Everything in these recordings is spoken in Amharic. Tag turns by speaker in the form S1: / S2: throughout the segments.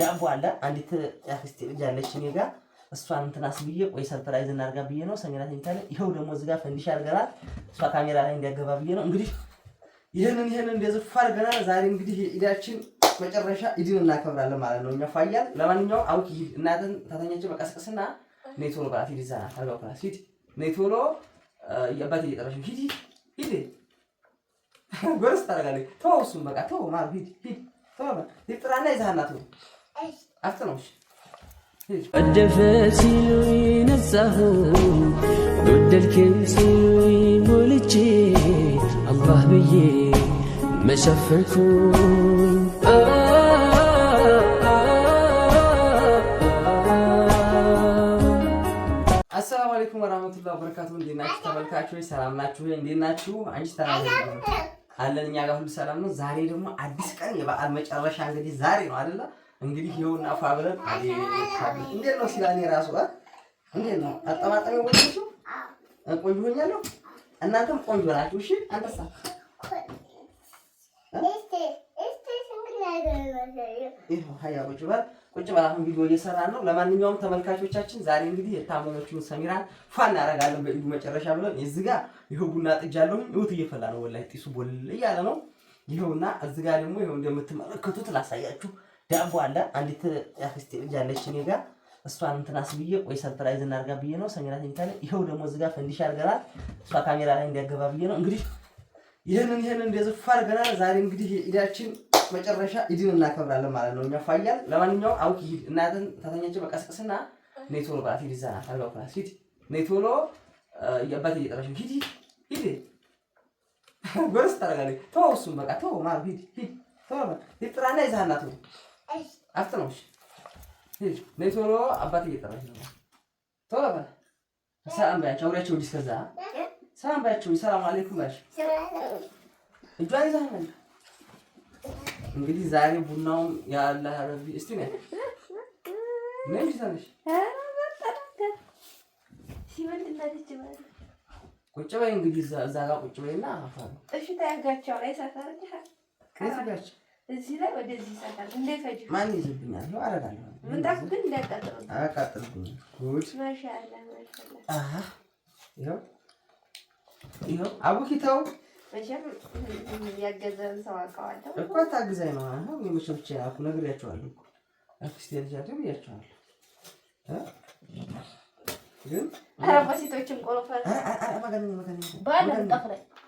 S1: ዳቦ አለ። አንዲት ያክስቴ ልጅ አለች እኔ ጋር እሷን እንትናስ ብዬ ቆይ ሰርፕራይዝ እናርጋ ብዬ ነው። ሰኞ ዕለት ተኝታለ። ይኸው ደግሞ እዚህ ጋር ፈንዲሽ አድርገናል። እሷ ካሜራ ላይ እንዲያገባ ብዬ ነው። እንግዲህ ይህንን ይህንን እንደዝፋ አድርገናል። ዛሬ እንግዲህ የኢዳችን መጨረሻ ኢድን እናከብራለን ማለት ነው። እኛ ፋያል ለማንኛውም አውቅ ይህ እናትን ታተኛችን መቀስቀስና ኔቶሎ በላት ሂድ፣ ይዛና አልጋው በላት ሂድ፣ ኔቶሎ የአባት እየጠራሽ ነው። ሂድ ሂድ ጎረስ ታደርጋለች። ተወው እሱን በቃ ተው ማለት ሂድ ሂድ ተወው ይጥራና እናት ነው አስተናውሽ ሲሉ ነሳሁ ጎደልክም ሲሉ ሞልቼ አላህ ብዬ መሸፈንኩኝ አሰላሙ አለይኩም ወራህመቱላሂ ወበረካቱ። እንዴት ናችሁ ተመልካቾች? ሰላም ናችሁ? እንዴት ናችሁ? አንቺ አለን እኛ ጋር ሁሉ ሰላም ነው። ዛሬ ደግሞ አዲስ ቀን የበዓል መጨረሻ እንግዲህ ዛሬ ነው አይደለ እንግዲህ ይኸውና አፋ እንዴት ነው ሲላኒ ራሱ እንዴት ነው አጠማጠሚ ወጥቶ ቆንጆ ሆኛለሁ። እናንተም ቆንጆ ናችሁ። እሺ አንተሳ ቁጭ በል አሁን ቪዲዮ እየሰራን ነው። ለማንኛውም ተመልካቾቻችን ዛሬ እንግዲህ የታመመችውን ሰሚራን ፏ እናደርጋለን። በኢዱ መጨረሻ ብለን እዚህ ጋ ይኸው ቡና ጥጃለሁኝ። እውት እየፈላ ነው ወላሂ ጢሱ ቦል እያለ ነው። ይኸውና እዚህ ጋ ደግሞ ይኸው እንደምትመለከቱት ላሳያችሁ ዳቦ አለ። አንዲት አክስቴ ልጅ አለች እኔ ጋር እሷን እንትናስ ብዬ ቆይ ሰርፕራይዝ እናርጋ ብዬ ነው ሰኝራት ይታለ ይኸው ደግሞ እዚህ ጋር ፈንዲሽ አድርገናል። እሷ ካሜራ ላይ እንዲያገባ ብዬ ነው እንግዲህ ይህንን ይህንን እንደዚህ አርገናል። ዛሬ እንግዲህ ኢዳችን መጨረሻ ኢድን እናከብራለን ማለት ነው። እኛ ፋያል ለማንኛውም አውክ ይሂድ እናትን ታተኛቸው በቀስቅስና ኔቶሎ በላት ሂድ ይዛና አልጋው ክላስ ሂድ ኔቶሎ የአባት እየጠራሽ ሂድ ሂድ ጎርስ ታደርጋለች። ተወው እሱም በቃ ተወው ማለት ሂድ ሂድ ተወው ጥራና ይዛሃና ተወው አስጥነውሽ ነይ ቶሎ። አባት እየጠራች ነው። ቶሎ በል ሰላም አውሪያቸው እንጂ እስከዛ ሰላም ባያቸው፣ ሰላም አለይኩም ባያቸው። እጇን ይዛ እንግዲህ ዛሬ ቡናውም ያለ ረቢ እስቲ ነ ምን ይዛለሽ? ቁጭ በይ እንግዲህ እዛ ጋር ቁጭ በይና አፋ
S2: እሺ። ታያጋቸው ላይ ሰፈር እዚህ ላይ ወደዚህ ይሰጣል። እንዳይፈጅ
S1: ማን ይዝብኛል? አረጋለሁ።
S2: ምንጣፉ ግን እንዳያቃጥለው
S1: አያቃጥልም። ጉድ
S2: ማሻአላ ማሻአላ።
S1: አሃ ይኸው ይኸው አቡኪታው
S2: መቼም ያገዘን ሰው አውቀዋለሁ
S1: እኮ ታግዛኝ ነው። ግን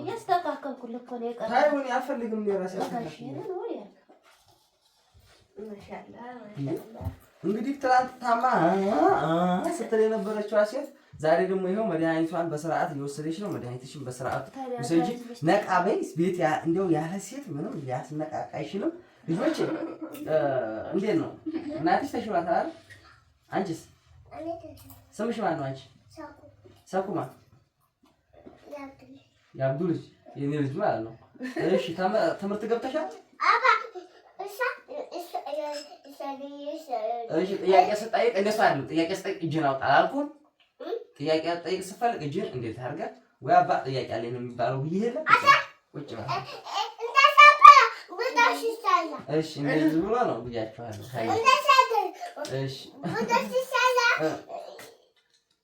S2: እያስተካከልኩልህ እኮ
S1: ነው እንግዲህ ትናንት ታማ ስትል የነበረችው ሴት ዛሬ ደግሞ ይኸው መድኃኒቷን በስርዓት እየወሰደች ነው። መድኃኒትሽን በስርዓት ውሰጂ። ነቃ በይ። ቤት እንዲያው ያለ ሴት ምንም ሊያስነቃቃ አይችልም። ልጆች እንዴት ነው እናትሽ ተሽሏታል? አንቺስ ስምሽ ማን ነው? አንቺ ሰኩማ የአብዱ ልጅ የኔ ልጅ ማለት ነው። እሺ ትምህርት ገብተሻል? እሺ ጥያቄ ስጠይቅ እንደሱ አይደለም። ጥያቄ ስጠይቅ እጅን አውጣ አላልኩም? ጥያቄ ጠይቅ ስፈልግ እጅን እንዴት አድርገህ ወይ አባ ጥያቄ አለኝ ነው የሚባለው ብዬ ቁጭ ነው። እሺ እንደዚህ ብሎ ነው ብያችኋለሁ። እሺ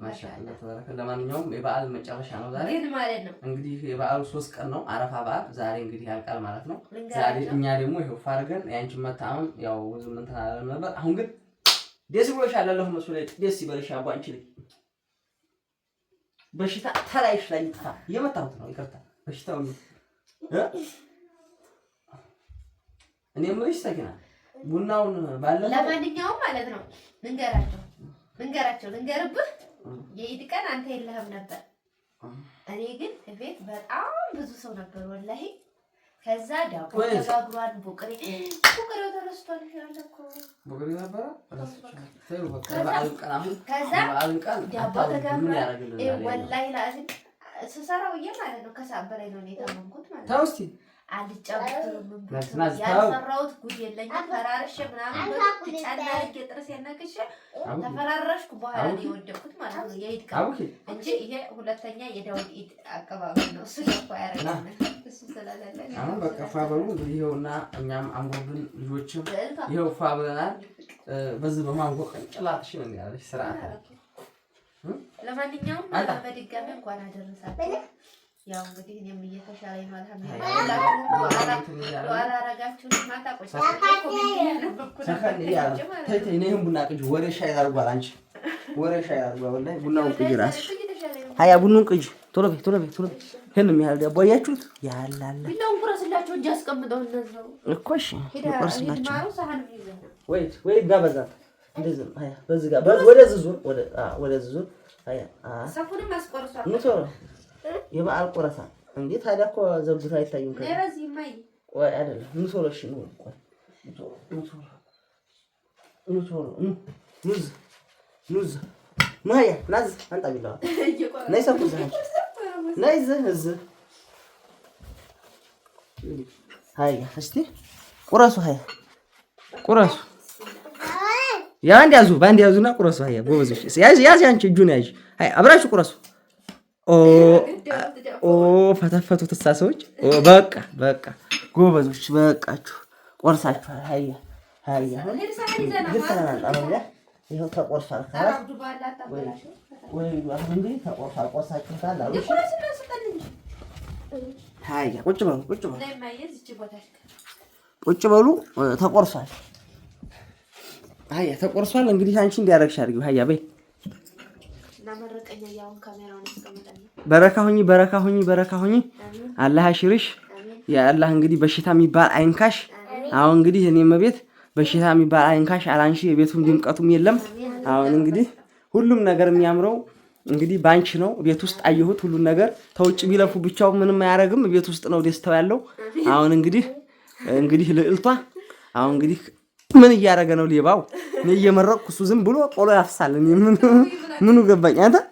S1: ማሻአላ ተባረከ። ለማንኛውም የበዓል መጨረሻ ነው ዛሬ ማለት ነው። እንግዲህ የበዓሉ ሶስት ቀን ነው አረፋ በዓል ዛሬ እንግዲህ ያልቃል ማለት ነው። ዛሬ እኛ ደግሞ ይሄው ፋርገን ያንቺን መታመም ያው ዝም እንትን አላለም ነበር። አሁን ግን ደስ ብሎሻል። አላህ መስሎ ደስ ይበልሽ። አባ አንቺ ልጅ በሽታ ተላይሽ ላይ ይጥፋ። የመታሁት ነው ይቅርታ። በሽታው እኔ የምልሽ ሰኪና ቡናውን ባለ
S2: ለማንኛውም ማለት ነው ልንገራቸው ልንገራቸው ልንገርብህ የኢድ ቀን አንተ የለህም ነበር። እኔ ግን ቤት በጣም ብዙ ሰው ነበር ወላሂ። ከዛ ዳቦ ተጋግሯል። ቡቅሪ ቡቅሬው ተረስቷል ይላል እኮ
S1: ቡቅሬው ነበር። ከዛ
S2: ዳቦ ተጋግሯል። ወላሂ ላዚ ስሰራው ማለት ነው ከሰዓት በላይ ነው የታመምኩት ማለት ነው። አልጫወትም።
S1: ያልሰራሁት
S2: ጉድ የለኝም። ፈራርሼ ምናምን ጫና አድርጌ ጥርሴን ነቅሼ ተፈራረሽኩ በኋላ ነው የወደኩት ማለት ነው። የኢድ ቀን እንጂ ይሄ ሁለተኛ የዳውድ ኢድ አቀባበል ነው። እሱ
S1: አሁን በቃ ፏ በሉ ይኸውና፣ እኛም አንጎብን ልጆችም ይኸው ፏ ብለናል። በዚህ በማንጎ ቅንጭላትሽን እንዲያለች ስርዓት ለማንኛውም በድጋሚ
S2: እንኳን አደረሳችሁ። ያው እንግዲህ እኔም እየተሻለኝ ማለት ነው።
S1: ሀያ ቶሎ በይ ቶሎ በይ ቶሎ በይ። የሚያህል ዳቦ አያችሁት? እኮ እሺ፣ እንደዚህ ወደ የበዓል ቆረሳ እንዴ! ታዲያ እኮ ዘርግቶ አይታይም። ወይ አይደለም ማያ ናዝ አንጣ ቁረሱ፣ ሀያ ቁረሱ። ያዙ በአንድ ያዙና ቁረሱ። ሀያ ጎበዞች ያዝ ያዝ፣ አንቺ እጁን ያዥ፣ አብራችሁ ቁረሱ ኦ ፈተፈቱ ትሳ ሰዎች በቃ በቃ ጎበዞች በቃችሁ፣ ቆርሳችኋል። ሀያ ተቆርሷል። ቁጭ በሉ ቁጭ ተቆርሷል። ሀያ ተቆርሷል። እንግዲህ አንቺ እንዲያደርግሽ አድርጊው። ሀያ በይ በረካ ሁኚ፣ በረካ ሁኚ፣ በረካ ሁኚ። አላህ አሽርሽ። የአላህ እንግዲህ በሽታ የሚባል አይንካሽ። አሁን እንግዲህ እኔ መቤት በሽታ የሚባል አይንካሽ፣ አላንሺ። የቤቱም ድምቀቱም የለም። አሁን እንግዲህ ሁሉም ነገር የሚያምረው እንግዲህ ባንች ነው። ቤት ውስጥ አየሁት ሁሉን ነገር። ተውጭ ቢለፉ ብቻው ምንም አያደርግም። ቤት ውስጥ ነው ደስታው ያለው። አሁን እንግዲህ እንግዲህ ልዕልቷ አሁን እንግዲህ ምን እያደረገ ነው ሌባው? እኔ እየመረቅኩ እሱ ዝም ብሎ ቆሎ ያፍሳል። ምን ምኑ ገባኝ አንተ